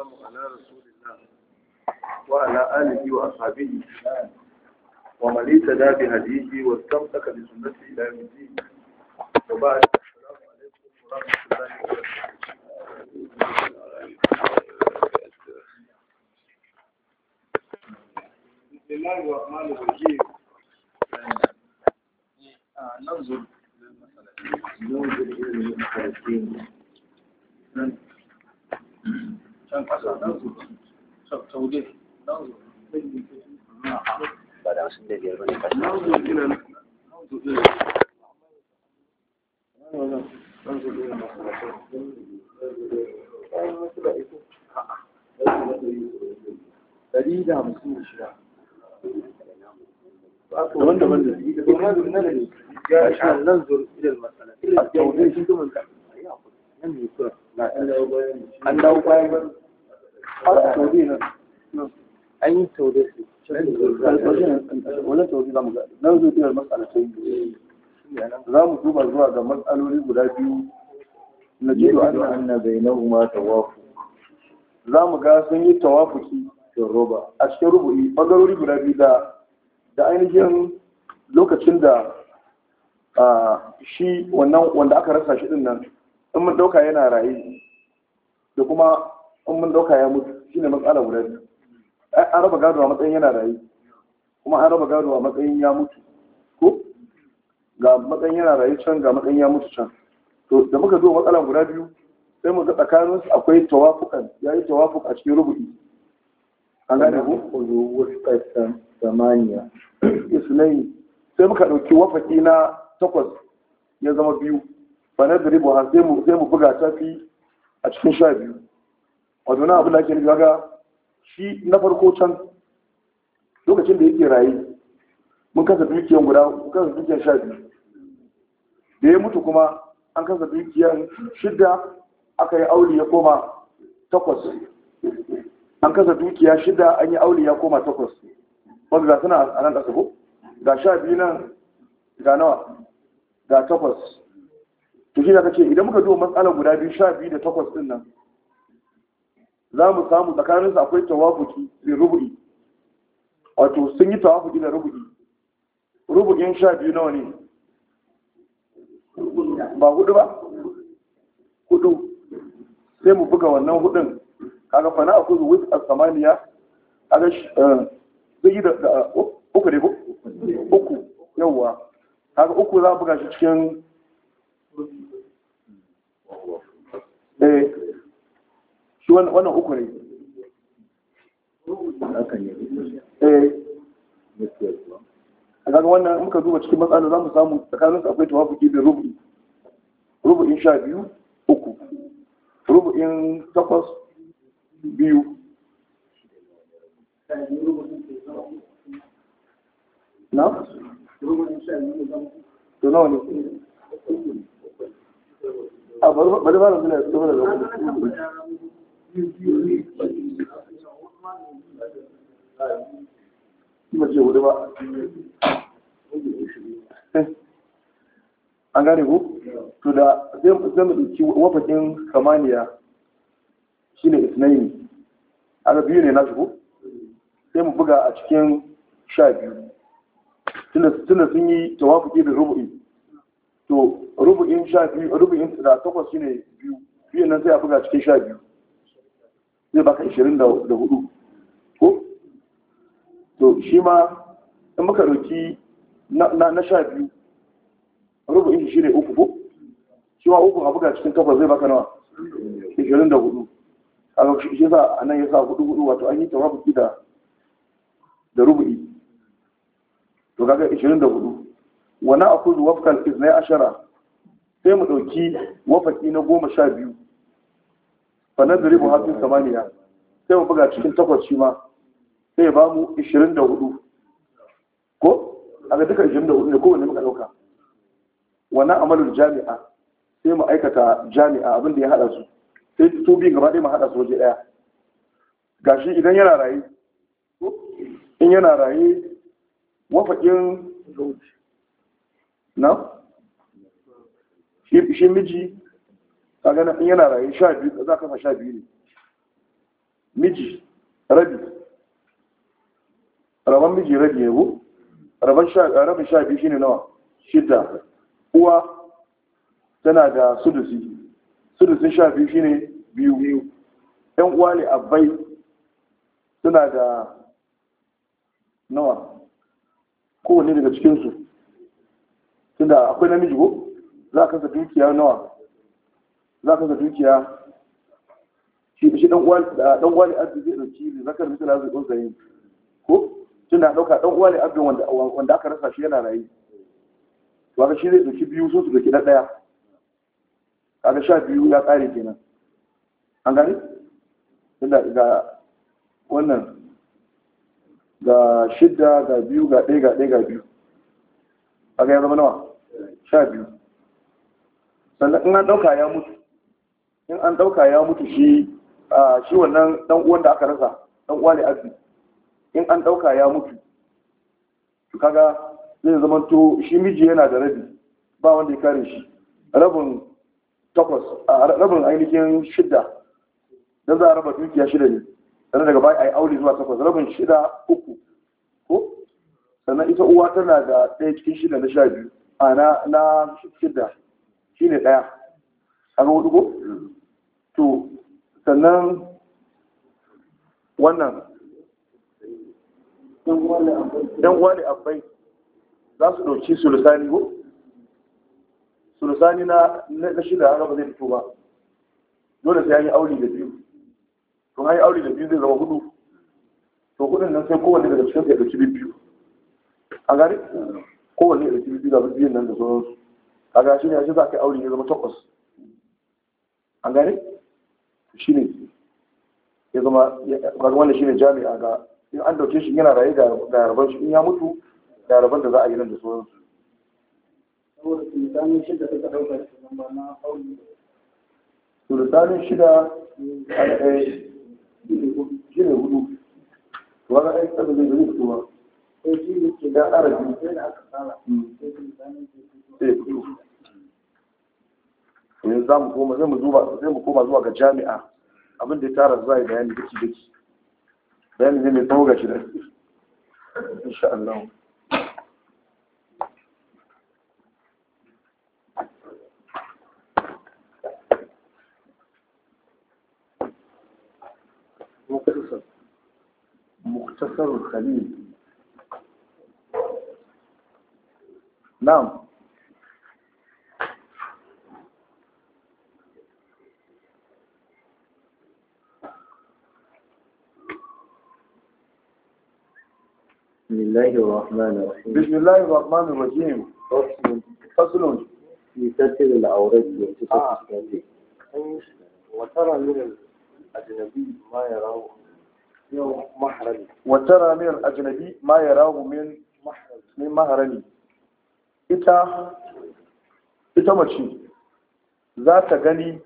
والسلام على رسول الله وعلى آله وأصحابه ومن اهتدى بهديه واستمسك بسنته إلى يوم الدين وبعد السلام عليكم ورحمة الله وبركاته بسم الله الرحمن الرحيم ننظر ننظر إلى المسألتين Thank you. can ƙasa nan su a nan ba da sun da ba ne ƙasa nan su ina nan da ina nan su ina ɗari da hamsin da shida wanda wanda ya shi nan zuwa idan matsala idan ya wani shi kuma an dawo bayan an yi taure su wani tauri za mu ga na zo biyar matsala ta yi za mu duba zuwa ga matsaloli guda biyu na jido an na bainahuma tawafu za mu ga sun yi tawafuki roba a cikin rubu'i ɓangarori guda biyu da da ainihin lokacin da shi wannan wanda aka rasa shi din nan in mun dauka yana raye da kuma in mun dauka ya mutu shine matsala guda biyu an raba gado a matsayin yana raye kuma an raba gado a matsayin ya mutu ko ga matsayin yana raye can ga matsayin ya mutu can to da muka zo matsala guda biyu sai mu ga tsakanin su akwai tawafukan ya yi tawafuk a cikin rubutu. an gane ku wasu kaitan samaniya isulai sai muka dauki wafaki na takwas ya zama biyu ba na zuri buha sai mu buga ta fi a cikin sha biyu wato na abin da shi na farko can lokacin da yake raye mun kasa dukiyan guda mun kasa dukiyan sha biyu da ya mutu kuma an kasa dukiyan shidda aka yi aure ya koma takwas an kasa dukiya shida an yi aure ya koma takwas wanda ga suna a nan ƙasa ko ga sha biyu nan ga nawa ga takwas to shi da kake idan muka duba matsalar guda biyu sha biyu da takwas ɗin nan za mu samu tsakaninsu akwai tawafuki da rubu'i wato sun yi tawafuki da rubu'i rubu'in sha biyu nawa ne ba hudu ba hudu sai mu buga wannan hudun kaga fana a kuzu wuce a samaniya kaga eh, zai yi da oh, uku ne ko uku yawwa kaga uku za a buga shi cikin eh shi wannan uku ne a eh, kaga wannan muka duba cikin matsala za mu samu tsakaninsu akwai tawafuki rubu, rubu in sha biyu uku rubu in takwas biyu na? to nawa ne a bari da suna da lokaci mace hudu eh, an gane ku? to da zai mu ɗauki wafakin kamaniya shine isnaini aga biyu ne na ku? sai mu buga a cikin sha biyu tunda sun yi tawafuki da rubu'i to rubu'in sha biyu rubu'in da takwas shine biyu biyu nan sai a buga cikin sha biyu zai baka ishirin da hudu ko to shi ma in muka ɗauki na sha biyu rubu'in shi shine uku ko shi ma uku a buga cikin takwas zai baka nawa ishirin da hudu a shi za a nan sa hudu hudu wato an yi tawafuki da da rubu'i to kaga ishirin da hudu wani akudu izina ya ashara sai mu ɗauki wafaki na goma sha biyu fanar diribu hafin samaniya sai mu buga cikin takwas shi ma sai ya ba mu ishirin da hudu ko a ga duka ishirin da hudu ne kowane muka ɗauka wani amalin jami'a sai mu aikata jami'a abinda ya haɗa su sai to biyu gaba ɗaya mu haɗa su waje ɗaya gashi idan yana raye in yana raye wafakin na? shi miji kaga na yana raye sha biyu za kama sha biyu ne miji rabi rabon miji rabi ne bu, rabin sha biyu ne nawa shidda uwa tana da sudusi sudusin sha biyu ne biyu biyu yan uwa ne abai suna da nawa kowane daga cikinsu tunda akwai namiji ko za ka kasa dukiya nawa za ka kasa dukiya shi shi dan uwa dan uwa ne abdu zai dauki ne zakar misala zai dauka yi ko tunda dauka dan uwa ne abdu wanda wanda aka rasa shi yana rayi to ga shi zai dauki biyu so su dauki daya kaga sha biyu ya kare kenan an gani tunda ga wannan ga shidda ga biyu ga ɗaya ga ɗaya ga biyu a ga ya zama nawa sha biyu sannan in an ɗauka ya mutu in an ɗauka ya mutu shi a shi wannan ɗan uwan da aka rasa ɗan uwa ne abi in an ɗauka ya mutu to kaga zai zama to shi miji yana da rabi ba wanda ya kare shi rabin takwas a rabin ainihin shidda don za a raba dukiya shida ne sannan daga baya a yi aure zuwa takwas rabin shida uku ko sannan ita uwa tana da ɗaya cikin shida na sha biyu a na na shidda shi ne ɗaya An ga hudu ko? to sannan wannan ɗan wale abai za su ɗauki sulusani ko? sulusani na shida haka ba zai fito ba dole sai an yi aure da biyu to an yi aure da biyu zai zama hudu to hudun nan sai kowanne daga cikin sai ɗauki biyu a gari? Kowane da ɗauki da biyun nan da sauransu kaga shi ne shi za ka yi aure ya zama takwas an gane shi ne ya zama wannan shi ne jami'a ga in an dauke shi yana raye ga yarban shi in ya mutu ga yarban da za a yi nan da sauransu sultanin shida a ɗaya eh, shi ne hudu wani aiki da zai fito ba Eh, yanzu koma zai mu koma zuwa ga jami'a abin da ya tara za a yi bayani daki daki bayani zai mai tsawo ga shi da مختصر الخليل نعم بسم الله الرحمن الرحيم بسم الله الرحمن الرحيم فصل في ستر العورات آه. وترى من الأجنبي ما يراه من محرم وترى من الأجنبي ما يراه من محرم من محرم ita ita mace za ta gani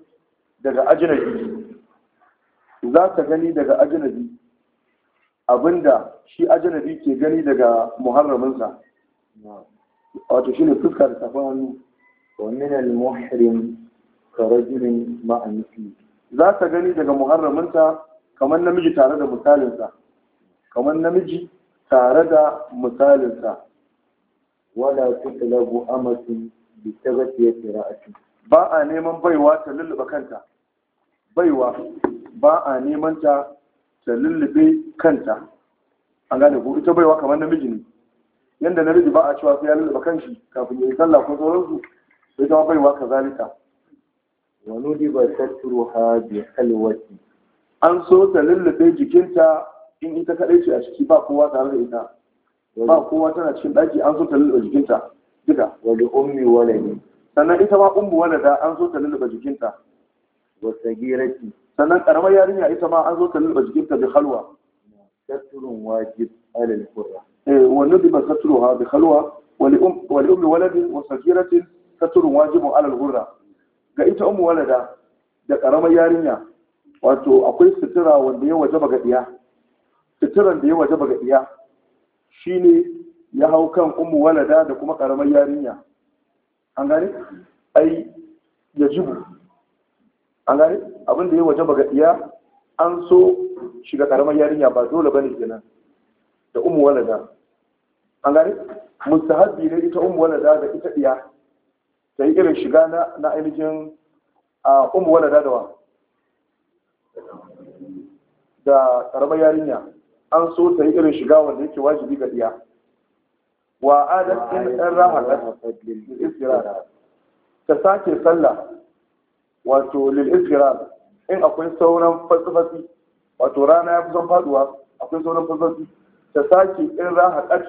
daga ajinabi za ta gani daga ajinabi abinda shi ajinabi ke gani daga muharraminsa wato shi ne fuska da safin hannu ومن المحرم كرجل مع ma'anifi za ta gani daga muharraminsa kamar namiji tare da misalinsa kamar namiji tare da misalinsa ولا تطلب amatu bi tabatiyati ra'ati ba a neman baiwa ta lulluba kanta baiwa ba a neman ta ta lullube kanta an gane baiwa kamar namiji ne yanda namiji ba a cewa sai ya lulluba kanshi kafin ya yi sallah ko sauransu sai ta baiwa kazalika wa nudiba satruha bi halwati an so ta lullube jikinta in ita kaɗai ce a ciki ba kowa tare da ita ba kowa tana cikin daki an so ta lulluɓa jikinta duka wani li ummi ne sannan ita ma ummu da an so ta lulluɓa jikinta wa giraki sannan karamar yarinya ita ma an zo ta lulluɓa jikinta bi halwa saturun wajib alal qurra eh wa nudiba satruha bi halwa Wani li um wa li ummi waladin wa sagiratin saturun wajibun alal ga ita ummu walada da karamar yarinya wato akwai sutura wanda ya waje ga suturan da ya ga shine ya hau kan umu walada da kuma karamar yarinya an gane ai ya jibu an gane abin da ya waje baga iya an so shiga karamar yarinya ba dole bane kenan da umu walada an gane mustahabbi ne ita umu walada da ita iya ta yi irin shiga na ainihin a umu walada da wa da karamar yarinya an so ta yi irin shiga wanda yake wajibi ga iya wa adatin ɗan rahalar lil'isgirar ta sake sallah wato lil'isgirar in akwai sauran fasfasi wato rana ya kusan faduwa akwai sauran fasfasi ta sake in rahalar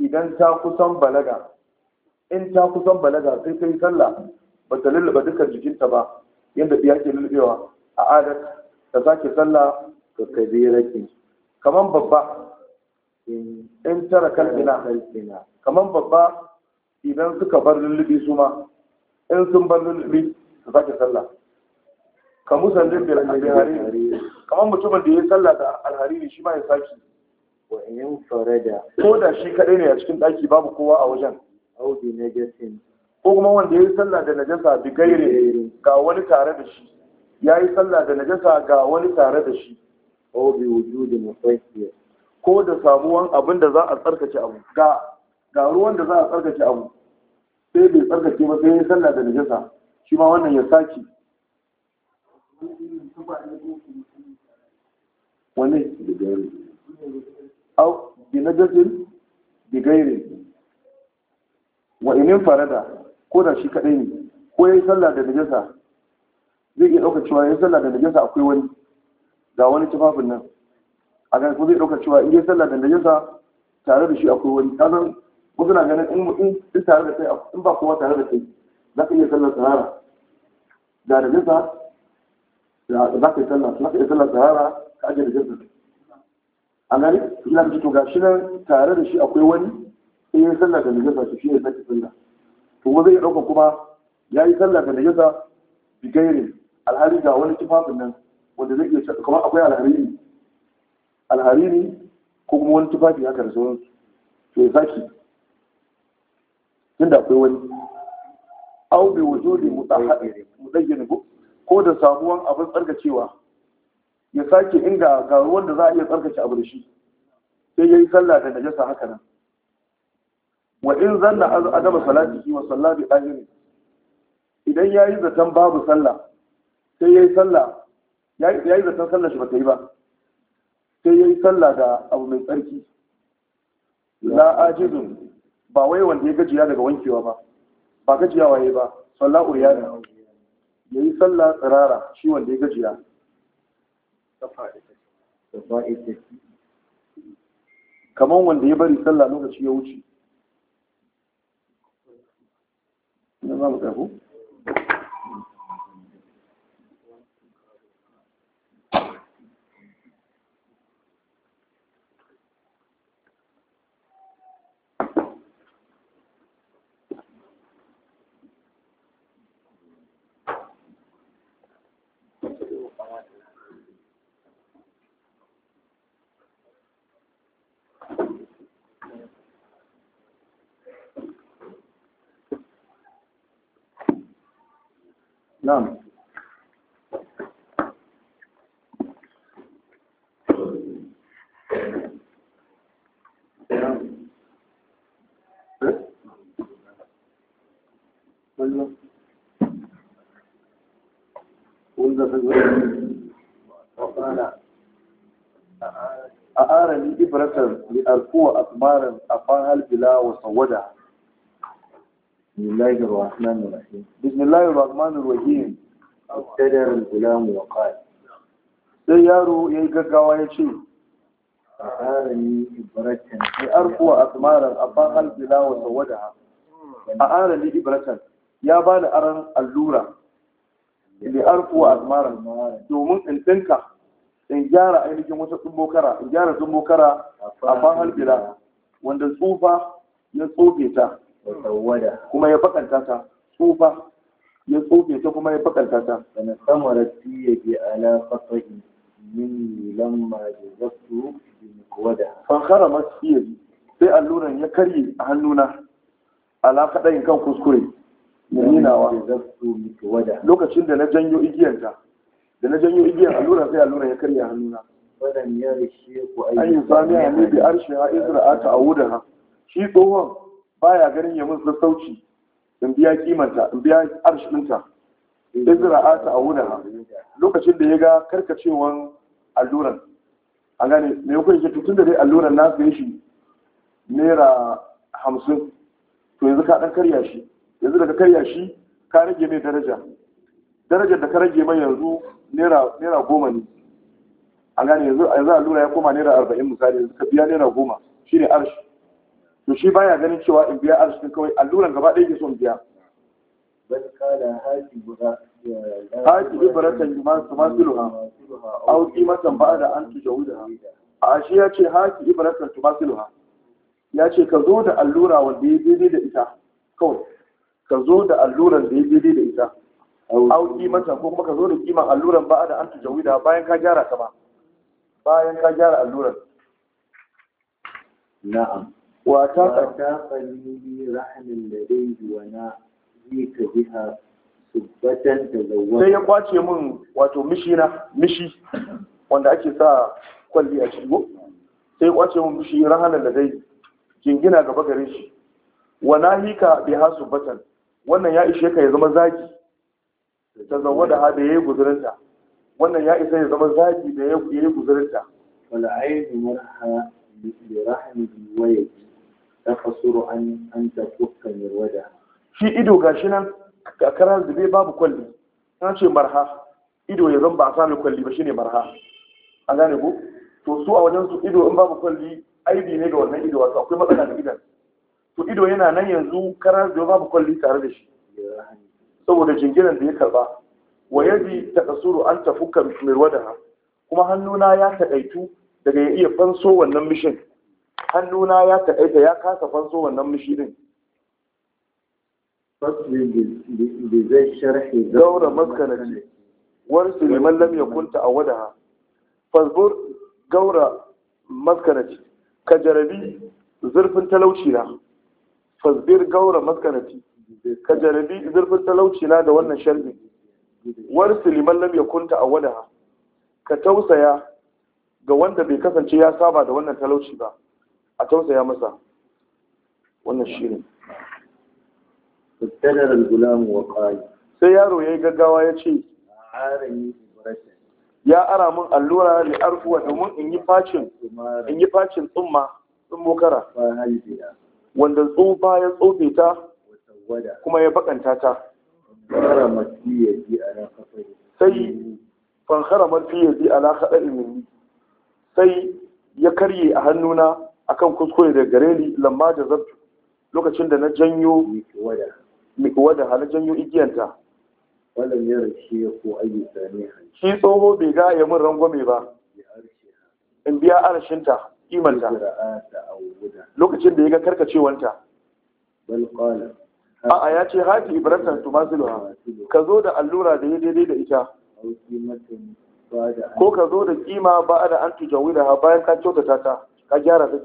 idan ta kusan balaga in ta kusan balaga sai ta yi sallah ba ta lullaba dukkan jikinta ba yadda biya ke lullubewa a adat ta sake sallah kabe rakinsu kaman babba in eh. tara kalbina kaman babba idan suka bar lullubi su ma in sun bar lullubi su sake sallah ka musallin bil alhariri kaman mutumin da ya sallah da ne shi ma ya saki wa in farada ko da shi kadai ne a cikin daki babu kowa a wajen au ko kuma wanda ya yi sallah da najasa bi gaire ga wani tare da shi ya yi sallah da najasa ga wani tare da shi aw bi wujudi mutahhir ko da samuwan abin da za a tsarkace abu ga ruwan da za a tsarkace abu sai bai tsarkace ba sai ya sallah da najasa shi ma wannan ya saki wannan da gari au bi najasin bi gairi wa farada ko da shi kadai ne ko ya yi sallah da najasa zai iya ɗaukar cewa ya yi sallah da najasa akwai wani ga wani tufafin nan a kan kuma zai ɗauka cewa in yi sallah da najasa tare da shi akwai wani kanan wasu na ganin in mutum in tare da kai in ba kowa tare da kai za ka iya sallar tsirara da najasa za ka yi sallah za ka iya sallar tsirara ka ajiye da najasa a gani ina da to gashi nan tare da shi akwai wani in yi sallah da najasa shi ne sake sallah to wanda zai ɗauka kuma ya yi sallah da najasa bigairin alhali ga wani tufafin nan wanda zai iya kamar akwai alhariri alhariri ko kuma wani tufafi haka da sauransu to ya saki tunda akwai wani au bi wujudi mudayyin ko ko da sabuwan abin tsarkacewa ya sake inga ga ruwan da za a iya tsarkace abu da shi sai yayi sallah da najasa haka nan wa in zanna adama salatihi wa salla bi idan yayi zaton babu sallah sai yayi sallah ya yi zaton sallar shi ba ta yi ba sai ya yi sallah da abu mai tsarki la ajizun ba wai wanda ya gajiya daga wankewa ba ba gajiya waye ba uriya da ya yi sallah tsirara shi wanda ya gajiya kamar wanda ya bari sallah lokaci ya wuce. Ina za mu نعم أرى نعم. لي إبرة لأركو أثمارا أفاها البلا وصودها بسم الله الرحمن الرحيم بسم الله الرحمن الرحيم ابتدر الغلام وقال sai yaro ya yi gaggawa ya ce a arani ibratan sai arkuwa asmaran abban wa a arani ibratan ya ba da aran allura da arkuwa asmaran domin in ɗinka in gyara ainihin wata tsumbokara in gyara tsumbokara a halbila wanda tsufa ya tsofe ta kuma ya bakanta ta tsufa ya tsofe ta kuma ya bakanta ta kana samara tiye bi ala fasahi minni lamma jazabtu bi mukwada fan kharama tiye sai alluran ya karye a hannuna ala kadayin kan kuskure ninawa lokacin da na janyo igiyanta da na janyo igiyar alluran sai alluran ya karye a hannuna an yi sami a ne bi arshiha izra'ata a wudaha shi tsohon baya ganin ya mun sassauci in biya kimanta in biya arshinta izra ata a wuna lokacin da ya ga karkacewan alluran an gane me ya yake tutun da dai alluran na sai shi naira hamsin to yanzu ka dan karya shi yanzu daga karya shi ka rage mai daraja darajar da ka rage mai yanzu naira goma ne an gane yanzu allura ya koma naira arba'in misali yanzu ka biya naira goma shi ne arshi to shi baya ganin cewa in biya arzikin kawai alluran gaba ɗaya ke son biya haki ibaratan tumasiluha matan qimatan da an tujawida a shi ya ce haki ibaratan tumasiluha ya ce ka zo da allura wanda ya daidai da ita kawai ka zo da alluran da ya daidai da ita Auki matan ko kuma ka zo da kiman alluran da an da bayan ka gyara ta ba bayan ka gyara alluran na'am da dai bi wana وتاقني برحم لديه وانا da بها sai ya kwace min wato mishi na mishi wanda ake sa kwalli a ciki sai ya kwace min mishi rahanan da dai jingina gaba gare shi Wana nahika bi ha batan wannan ya ishe ka ya zama zaki ta zawo da ha da yi guzurinta wannan ya isa ya zama zaki da ya yayi guzurinta wala ayi marha bi rahmi wa yadi Ta an Shi تقصر أن أن تفك مرودها شي إدو غاشنا كرار دبي باب كل ba a sami kwalli ba shine marha. مرها gane ko, to su a wajen su ido in babu kwalli aibi ne ga wannan ido wato akwai matsala da idan to ido yana nan yanzu karar da babu kwalli tare da shi saboda jingiran da ya karba wa yadi takasuru an tafuka mirwadaha kuma hannuna ya takaitu daga ya iya fanso wannan mishin hannuna ya taƙaita ya kasa fanso wannan mishirin daura maskanaci warsu liman lam yakunta a wadaha fasbur gaura maskanaci ka jarabi zurfin talauci na fasbir gaura maskanaci ka jarabi zurfin talauci na da wannan sharbi Wani liman lam kunta a wadaha ka tausaya ga wanda bai kasance ya saba da wannan talauci ba a tausaya masa wannan shi ne sai yaro ya yi gaggawa ya ce ya ara min allura da arfuwa domin in yi facin in yi facin tsumma sun kara wanda tsufa ya tsofe ta kuma ya bakanta ta sai fankara mafi yaji ala kaɗa sai ya karye a hannuna akan kuskure da gare ni lamma da zabtu lokacin da na janyo mikwada ha na janyo igiyanta wannan ya shi ya ko ayi sani shi tsoho bai ga ya min rangwame ba in biya kiman imanta lokacin da ya ga karkacewanta a'a ya ce hati ibratan tumasiluha ka zo da allura da ya daidai da ita ko ka zo da kima ba da an tujawida bayan ka kyautata ta ka gyara ta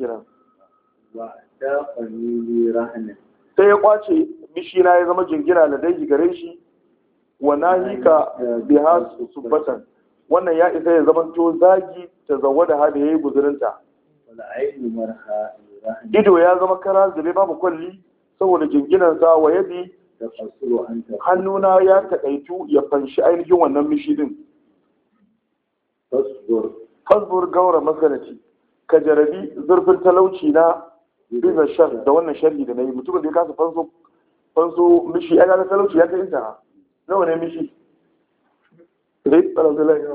rahanin. sai ya kwace bishina ya zama jingina da dangi gare shi wa nahika biha subbatan wannan ya isa ya zama to zagi ta zawo da hada yayi guzurinta ido ya zama kara zube babu kwalli saboda jinginansa wa yadi hannuna ya taƙaitu ya fanshi ainihin wannan mishi din fasbur gaura masalaci ka jarabi zurfin talauci na bizar shan da wannan sharri da na yi mutumin da ya kasa fanso mishi ya kasa talauci ya kai ta nawa ne mishi rai tsarazila eh, ya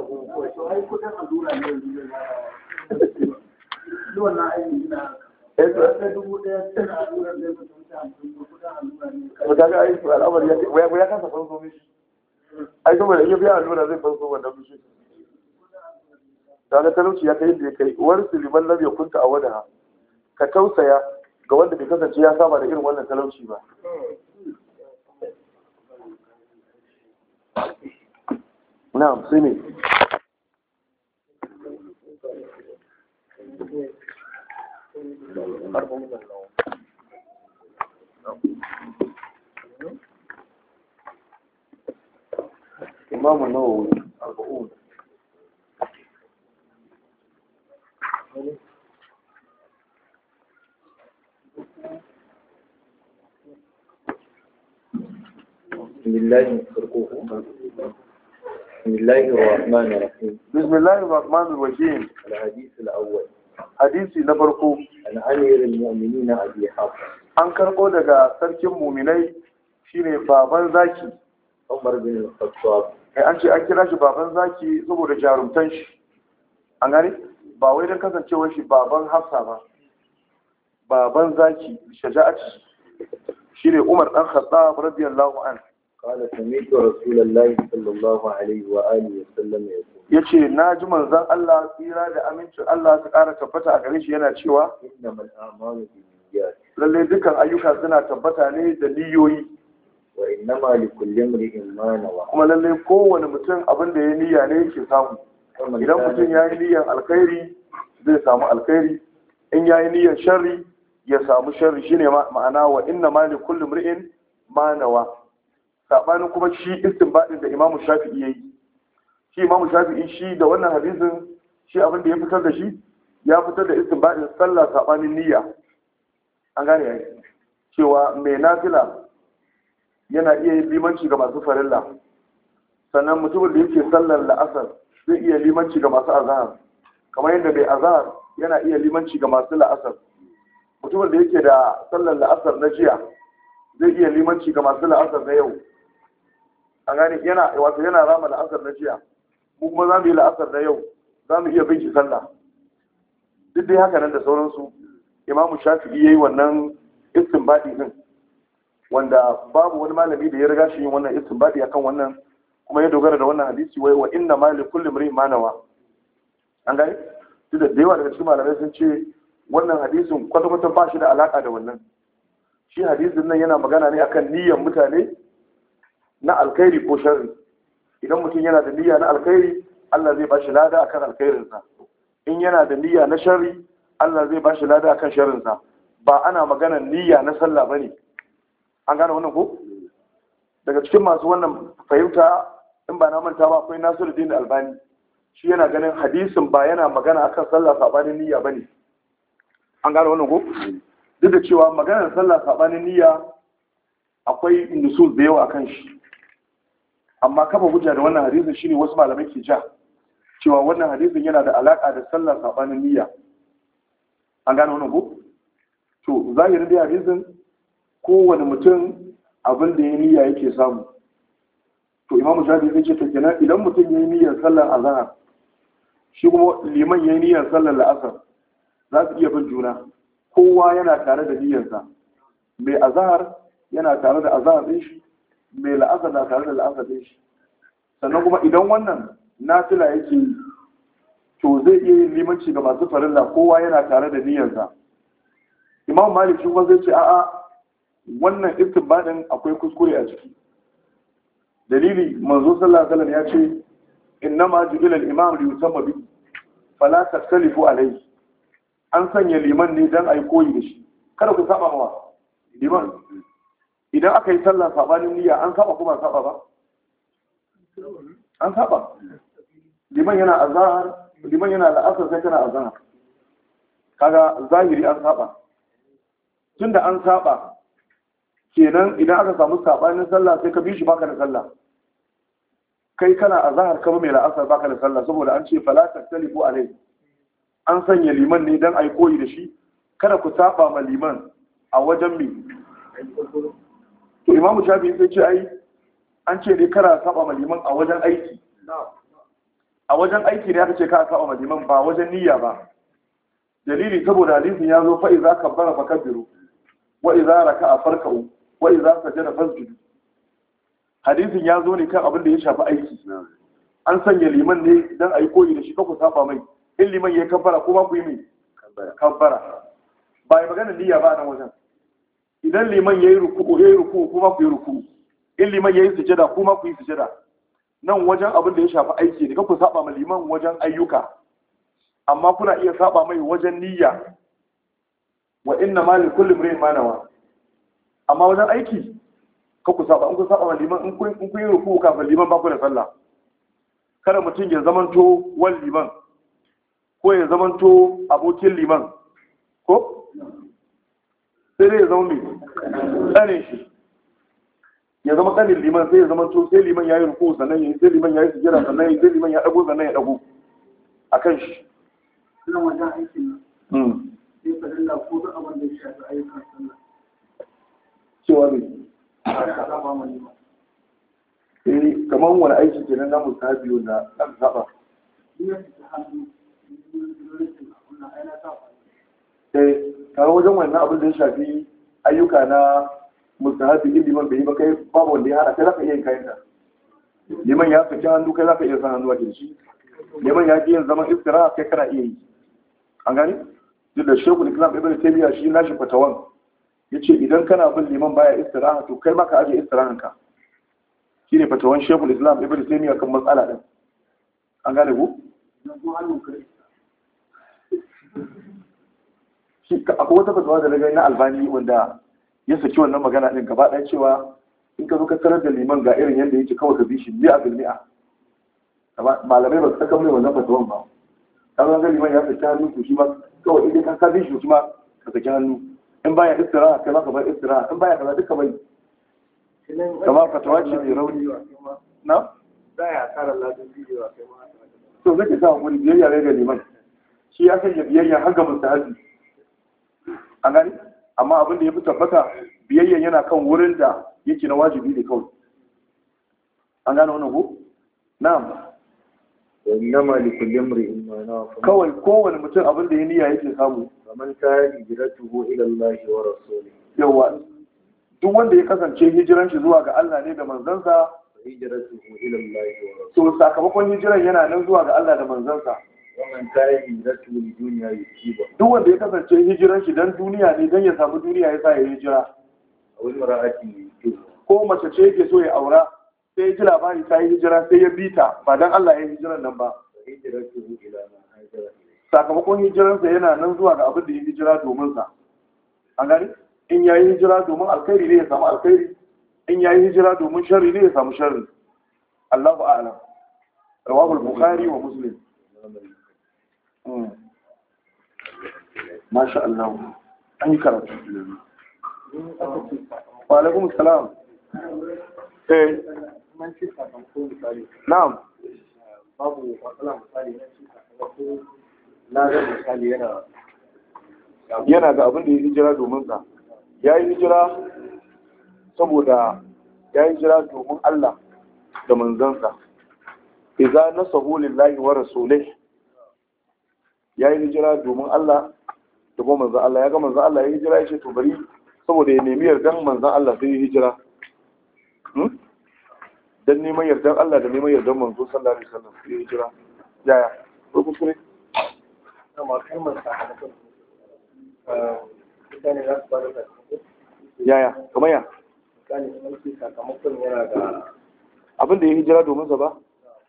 Kaga ya kasa fanso mishi. Ai saboda iya biya allura zai fanso wanda mishi. Daga talauci ya kai da ya kai wani siliman na ya kunta a wadaha ka tausaya ga wanda bai kasance ya saba da irin wannan talauci ba Na sai imamu nawawi arba'un بسم الله بسم الله الرحمن الرحيم بسم الله الرحمن الرحيم الحديث الأول an karɓo daga sarkin muminai shine baban zaki Umar eh, an ce an kira shi baban zaki saboda jarumtan shi ba wai don kasancewar shi baban hafsa ba baban zaki shaja'ati shi ne umar ɗan khattab radiyallahu anhu قال سمعت رسول Sallallahu alaihi الله عليه وآله وسلم yace na ji manzon Allah tsira da amincin Allah su ƙara tabbata a gare shi yana cewa innamal a'malu binniyat lalle dukan ayyuka suna tabbata ne da niyoyi wa innama likulli imrin ma nawa kuma lalle kowane mutum abin da ya niyya ne yake samu idan mutum ya yi niyyar alkhairi zai samu alkhairi in ya yi niyyar sharri ya samu sharri shine ma'ana wa inna ma li kulli mri'in ma nawa sabanin kuma shi istinbadin da Imamu Shafi'i yayi shi Imamu Shafi'i shi da wannan hadisin shi abin da ya fitar da shi ya fitar da istinbadin sallah sabanin niyya an gane yayi cewa mai nafila yana iya yin limanci ga masu farilla sannan mutumin da yake sallar la'asar zai iya limanci ga masu azahar kamar yadda mai azahar yana iya limanci ga masu la'asar mutumin da yake da sallar la'asar na jiya zai iya limanci ga masu la'asar na yau a gani yana wato yana rama la'asar na jiya mu kuma za mu yi la'asar na yau za mu iya bin shi sallah duk dai haka nan da sauransu imamu shafi'i ya yi wannan istinbadi din wanda babu wani malami da ya riga shi yin wannan istinbadi akan wannan kuma ya dogara da wannan hadisi wai wa inna ma li kulli imrin ma nawa an gani duk da dewa daga cikin malamai sun ce wannan hadisin kwata kwata ba shi da alaka da wannan shi hadisin nan yana magana ne akan niyyar mutane na alkhairi ko sharri idan mutum yana da niyya na alkhairi Allah zai ba shi lada akan alkhairinsa in yana da niyya na sharri Allah zai ba shi lada akan sa ba ana maganar niyya na sallah bane an gane wannan ko daga cikin masu wannan fahimta in ba na manta ba akwai Nasiruddin Albani shi yana ganin hadisin ba yana magana akan sallah sabanin niyya ba ne. an gane wannan ko duk da cewa maganar sallah sabanin niyya akwai nusul da yawa akan shi amma kafa hujja da wannan hadisin shine wasu malamai ke ja cewa wannan hadisin yana da alaka da sallah sabanin niyya an gane wannan ko to zahirin da hadisin kowane mutum abin da ya niyya yake samu to imamu shafi zai ce ta gina idan mutum ya yi niyyar sallar azahar, shi kuma liman ya yi niyyar sallar la'asar za su iya bin juna kowa yana tare da niyyarsa mai azahar yana tare da azahar din shi mai la'asar na tare da la'asar din shi sannan kuma idan wannan nafila yake yi to zai iya yin limanci ga masu farilla kowa yana tare da niyyarsa imam malik shi kuma zai ce a'a wannan baɗin akwai kuskure a ciki dalili manzo sallallahu alaihi wasallam ya ce ma jibila al-imam li yusamma bi fala tasalifu alayhi an sanya liman ne dan ai koyi da shi kada ku saba mawa liman idan aka yi sallah sabanin niyya an saba kuma saba ba an saba liman yana azhar liman yana la'asar sai kana azhar kaga zahiri an saba tunda an saba kenan idan aka samu sabanin sallah sai ka bi shi baka da sallah kai kana zahar kama mai la'asar baka da sallah saboda an ce fala tattalifu alai an sanya liman ne don ai koyi da shi kada ku saba ma liman a wajen mai to imamu Shafi sai ce ai an ce dai kada saba ma liman a wajen aiki a wajen aiki ne aka ce kada saba ma liman ba wajen niyya ba dalili saboda hadisin ya zo fa iza kabbara fakabbiru wa iza raka'a farka'u wa idza sajada fasjudu hadisin ya zo ne kan abin da ya shafi aiki an sanya liman ne dan ayi koyi da shi ka saba mai in liman ya kabbara ba ku yi mai kabbara ba yi magana niyya ba nan wajen idan liman ya yi ruku'u ya yi ko ba ku yi ruku'u in liman ya yi sujada ba ku yi sujada nan wajen abin da ya shafi aiki ne ku saba ma liman wajen ayyuka amma kuna iya saba mai wajen niyya wa inna ma li kulli imrin ma nawa amma wajen aiki ka ku saba in ku saba liman in kun kun yi ruku kafin liman ba ku da sallah kada mutum ya zamanto wal liman ko ya zamanto abokin liman ko sai dai ya zama mai tsare shi ya zama tsanin liman sai ya zamanto sai liman ya yi ruku sannan ya yi sai liman ya yi sujjara sannan ya yi sai liman ya dago sannan ya dago a kan shi nan wajen aikin nan hmm. sai fadilla ko duk abin da ya shafi ayyukan sallah cewa ne eh kamar wani aiki ke nan namu ta biyu na ɗan zaɓa E, eh, kamar wajen wani na abin da ya shafi ayyuka na mustahabi in liman bai yi ba kai babu wanda ya hana kai za ka iya yin kayan ka liman ya saki hannu kai za ka iya san hannu a shi. liman ya ji yin zaman iftira kai kana iya yi an gani duk da shekul islam ibn taymiya shi nashi fatawan yace idan kana bin liman baya istiraha to kai maka aje istirahan ka shine fatawan shekul Islam Ibn Taymiyyah kan matsala din an gane ku shi akwai wata fatawa da daga na Albani wanda ya saki wannan magana din gaba ɗaya cewa in ka zo ka tarar da liman ga irin yadda yake kawai ka bi shi biya bil mi'a malamai ba su saka mai wannan fatawan ba ka zo ga liman ya saki hannu to shi ma kawai idan ka ka shi shi ma ka saki hannu in baya istira kai maka bar istira in baya kaza duka bai kamar ka ce mai rauni na za ya tsara ladin bidiyo a kai ma to zai sa wani biyayya ne ga liman shi ya sanya biyayya har ga mustahabi an gani amma abin da ya fi tabbata biyayya yana kan wurin da yake na wajibi ne kawai an gane wannan ko na'am innama li kulli imrin ma nawa kawai kowane mutum abin da ya niya yake samu faman kana hijratuhu ila Allah wa rasulih yawa duk wanda ya kasance hijiran zuwa ga Allah ne da manzansa yi hijratuhu ila Allah wa rasulih to sakamakon hijiran yana nan zuwa ga Allah da manzansa wannan kayan hijiratu li duniya yusiba duk wanda ya kasance hijiran don duniya ne dan ya samu duniya ya sa ya yi hijira wani ne mara'ati ko mace ce yake so ya aura sai ji labari ta yi hijira sai ya bita ba dan Allah ya yi hijiran nan ba sakamakon hijiransa yana nan zuwa ga abin da ya hijira domin sa A gani in ya yi hijira domin alkhairi ne ya samu alkhairi in ya yi hijira domin sharri ne ya samu sharri Allahu a'lam rawahu bukhari wa muslim hmm. masha Allah an yi karatu wa alaikum salam eh na'am babu matsala misali nan ci sakamako ladan misali yana yana ga abin da ya hijira domin sa ya yi hijira saboda ya yi hijira domin Allah da manzansa idza nasahu lillahi wa rasulih ya yi hijira domin Allah da kuma manzan Allah ya ga manzan Allah ya hijira ya ce to bari saboda ya nemi yardan manzan Allah sai ya hijira dan neman yardan Allah da neman yardan manzo sallallahu alaihi wasallam sai ya jira yaya ko kuskure na ma kalmar sakamakon eh, mutane za su ba da yaya kamar ya sakamakon yana da abin da ya hijira domin sa ba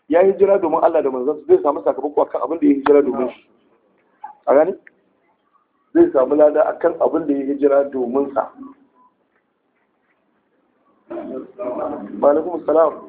ya hijira domin Allah da manzansa zai samu sakamako akan abin da ya hijira domin shi a gani zai samu lada akan abin da ya hijira domin sa Malakum salam.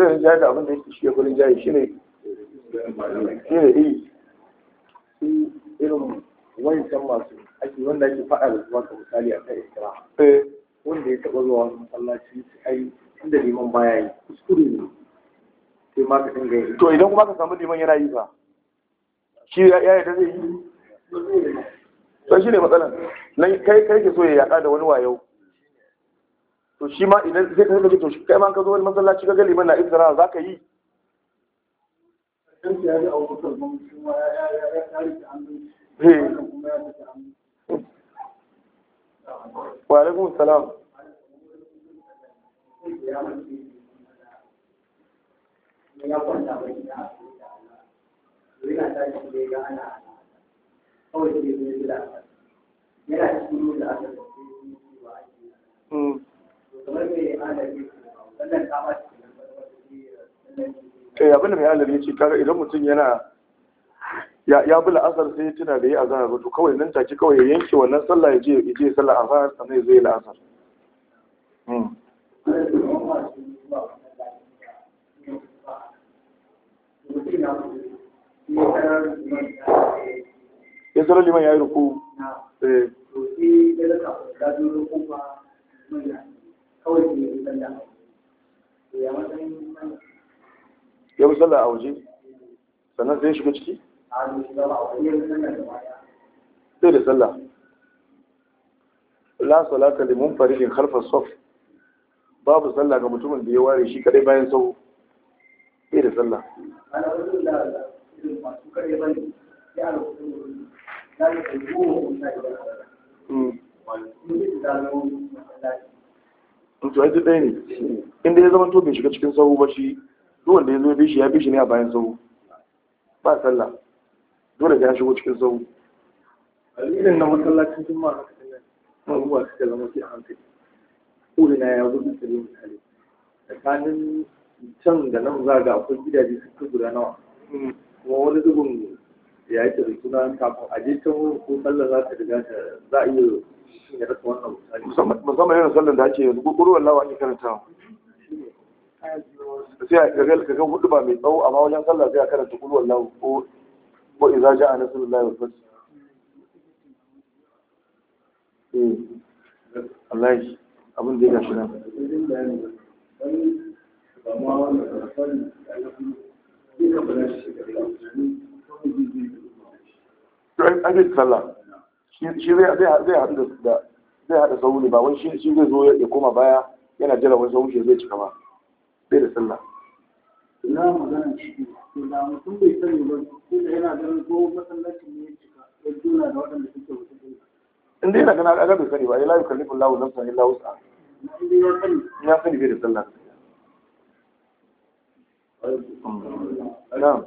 zai rinja da abin da yake shi ya kurin jayi shi ne shi ne yi irin wani can masu ake wanda ake faɗa da su maka misali a kan ikira eh. wanda ya taɓa zuwa masallaci ai inda liman baya yi kuskure ne sai ma ka dinga yi to idan kuma ka samu liman yana yi ba shi ya yi ta zai yi to shi ne matsalan nan kai kai ke so ya yaɗa da wani wayo to shi ma idan zai kai kake to shi kai ma ka zo wani masallaci ka ga liman na izra za ka yi wa alaikum salam Mm. eh, eh abinda mai ya ce kaga idan mutum yana ya bi la'asar sai ya tuna da yi a ba to kawai nan take kawai ya yanke wannan sallah ya je ya je sallah fara sannan ya zai la'asar hmm. eh. ya zara liman ya yi ruku eh kawai sallah ya matsayin sallah a waje sannan sai shiga ciki sai da sallah la salata fari munfaridin harfar soft. babu sallah ga mutumin da ya ware shi kadai bayan sau sai da sallah to ai ɗaya ne inda ya zama to bai shiga cikin sahu ba shi duk wanda ya zo bi shi ya bi ne a bayan sahu ba sallah dole sai ya shigo cikin sahu irin na masallacin juma'a haka dinnan abubuwa suka zama sai hankali kuri na ya gudu da yin tare tsakanin can da nan za ga akwai gidaje sun fi guda nawa mm. kuma wani zubin ya yi ta suna kafin Aje je can ko sallah za ta riga ta za a iya musamman yana sallan da ake yanzu kuruwar lawa ake karanta sai a kaga kaga hudu ba mai tsawo amma wajen sallah sai a karanta kuruwar lawa ko ko idza ja'a nasrullahi wal fath eh hmm. Allah abin da ya gashi nan Ajiyar sallah shi zai haɗu da zai haɗa sahu ba wani shi zai zo ya koma baya yana jira wani sahu shi zai cika ba bai da sallah ina magana shi da mutum bai sani ba shi yana ganin ko masallacin ne ya cika ya juna da waɗanda suke wuce in dai yana ganin al'adar bai sani ba ya layu kallifin lawu nan sani lawu sa ya sani bai da sallah na'am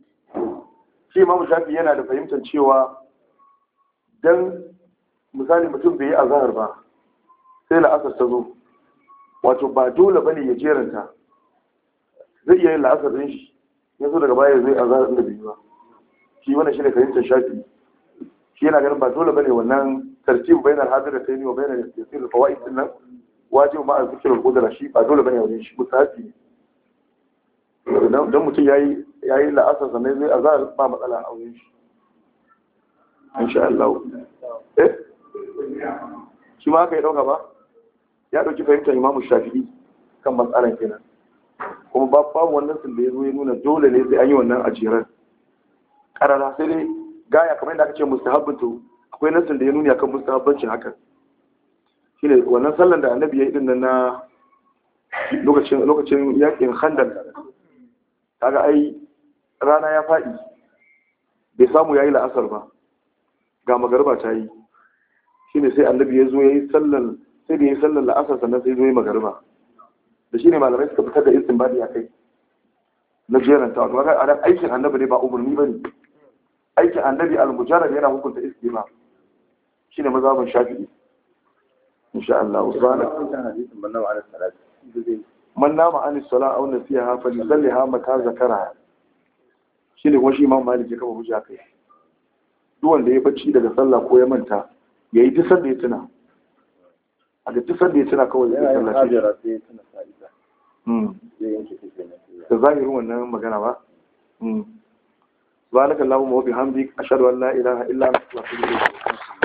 shi imamu shafi yana da fahimtar cewa don misali mutum bai yi azahar ba sai la'asar ta zo wato ba dole bane ya jeranta zai iya yin la'asar din shi yanzu daga baya zai azahar din da bai yi ba shi wannan ne fahimtar shafi shi yana ganin ba dole bane wannan tartibu bainar hadira ta yi wa bainar yasir fawaid din nan wajibi ma a zikirin kudura shi ba dole bane wajen shi musafi don mutum ya yi. ya yi la'asar ne zai a za a ba matsala a wurin shi sha Allah eh shi ma aka yi ɗauka ba ya ɗauki fahimtar imamu shafi'i kan matsalar kenan kuma ba babu wannan sun da ya zo ya nuna dole ne sai an yi wannan ajiyar ƙarara sai dai gaya kamar yadda aka ce mustahabbin to akwai nasin da ya nuni akan mustahabbancin hakan shine wannan sallan da annabi ya yi din na lokacin lokacin yakin ta kaga ai rana ya faɗi bai samu ya yi la'asar ba ga magariba ta yi shi ne sai annabi ya zo ya yi sallar sai da ya yi sallar la'asar sannan sai zo ya magariba. da shi ne malamai suka fitar da istin badi a kai na jeran ta wato a aikin annabi ne ba umarni ba ne aikin annabi al-mujarrad yana hukunta istima shine mazhabin shafi'i insha Allah usbana man nama an as-sala'a aw nasiha fa yusalliha mata zakara shi ne kuma shi imam malik ya kafa hujja kai duk wanda ya bacci daga sallah ko ya manta ya yi duk da ya tuna a ga duk da ya tuna kawai ya sallah hmm. shi da zahirin wannan magana ba سبحانك اللهم وبحمدك أشهد illa لا إله إلا أنت أستغفرك